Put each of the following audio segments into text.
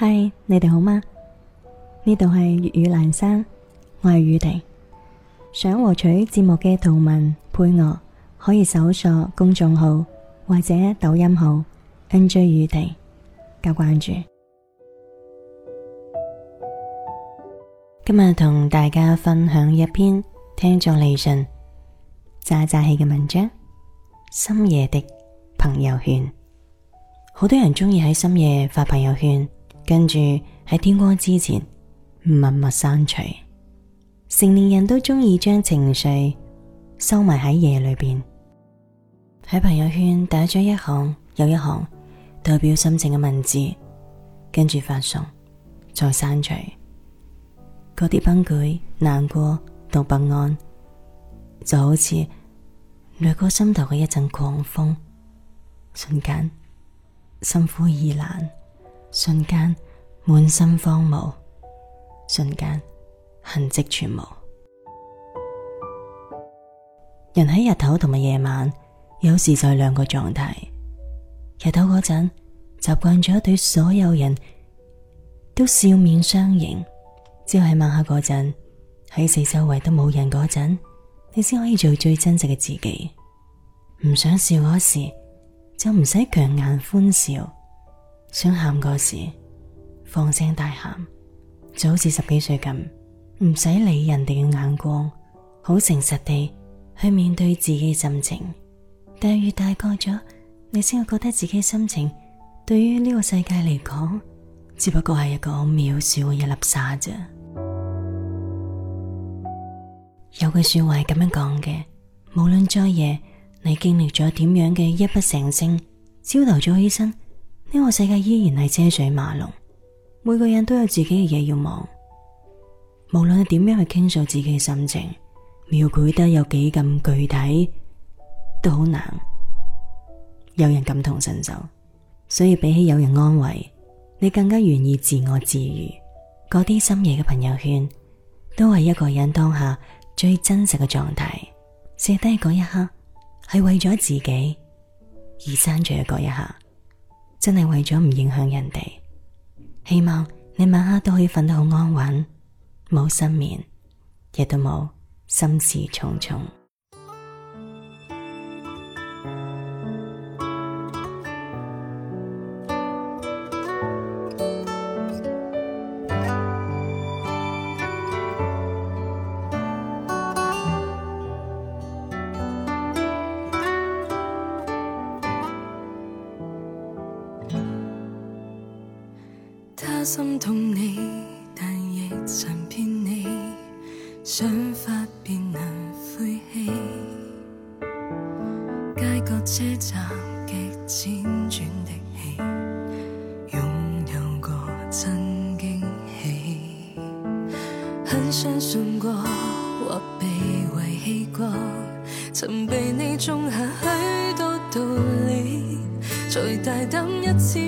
嗨，Hi, 你哋好嗎？呢度係粵語蘭山，我係雨婷。想獲取節目嘅圖文配樂，可以搜索公眾號或者抖音號 N J 雨婷加關注。今日同大家分享一篇聽眾 l 信 s t e 嘅文章。深夜的朋友圈，好多人中意喺深夜發朋友圈。跟住喺天光之前默默刪除，成年人都鍾意將情緒收埋喺夜裏邊，喺朋友圈打咗一行又一行代表心情嘅文字，跟住發送再刪除，嗰啲崩潰難過到不安，就好似掠過心頭嘅一陣狂風，瞬間心灰意冷，瞬間。滿心荒蕪，瞬間痕跡全無。人喺日頭同埋夜晚，有時就係兩個狀態。日頭嗰陣，習慣咗對所有人都笑面相迎，只喺晚黑嗰陣，喺四周圍都冇人嗰陣，你先可以做最真實嘅自己。唔想笑嗰時，就唔使強顏歡笑，想喊嗰時。放聲大喊，就好似十幾歲咁，唔使理人哋嘅眼光，好誠實地去面對自己嘅心情。但係越大個咗，你先會覺得自己心情對於呢個世界嚟講，只不過係一個渺小嘅一粒沙啫。有句說話係咁樣講嘅，無論再夜，你經歷咗點樣嘅泣不成聲，朝頭早起身，呢、這個世界依然係車水馬龍。每個人都有自己嘅嘢要忙，無論你點樣去傾訴自己嘅心情，描繪得有幾咁具體都好難有人感同身受，所以比起有人安慰，你更加願意自我治癒。嗰啲深夜嘅朋友圈，都係一個人當下最真實嘅狀態。寫低嗰一刻，係為咗自己而刪住嘅嗰一刻，真係為咗唔影響人哋。希望你晚黑都可以瞓得好安穩，冇失眠，亦都冇心事重重。心痛你，但亦曾騙你，想法便能灰喜。街角車站極輾轉的戲，擁有過真驚喜。很相信過，或被遺棄過，曾被你種下許多道理，再大膽一次。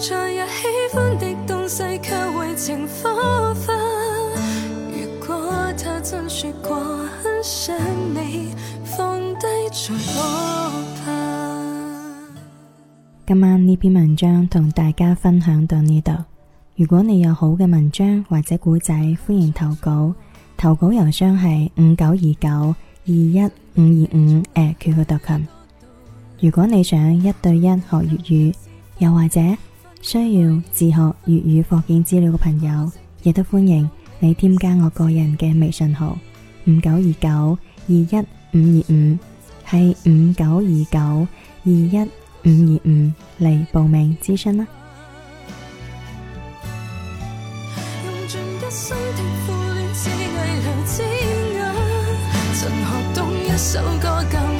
在喜歡的東西情花如果他說過很想你，」 放低今晚呢篇文章同大家分享到呢度。如果你有好嘅文章或者古仔，歡迎投稿。投稿郵箱係五九二九二一五二五 @QQ 點 com。如果你想一對一學粵語，又或者需要自學粵語課件資料嘅朋友，亦都歡迎你添加我個人嘅微信號五九二九二一五二五，係五九二九二一五二五嚟報名諮詢啦。用盡一生苦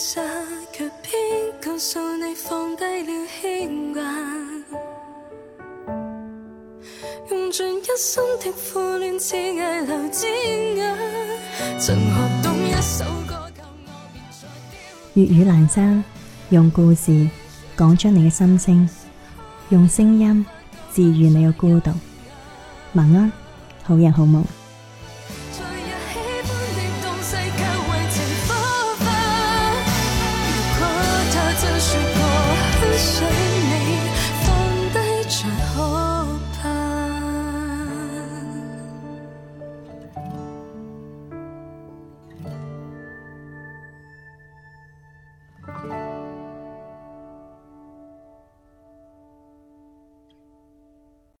用盡一生的苦戀似危樓學懂一首歌，我粵語藍山，用故事講出你嘅心聲，用聲音治愈你嘅孤獨。晚安，好人好夢。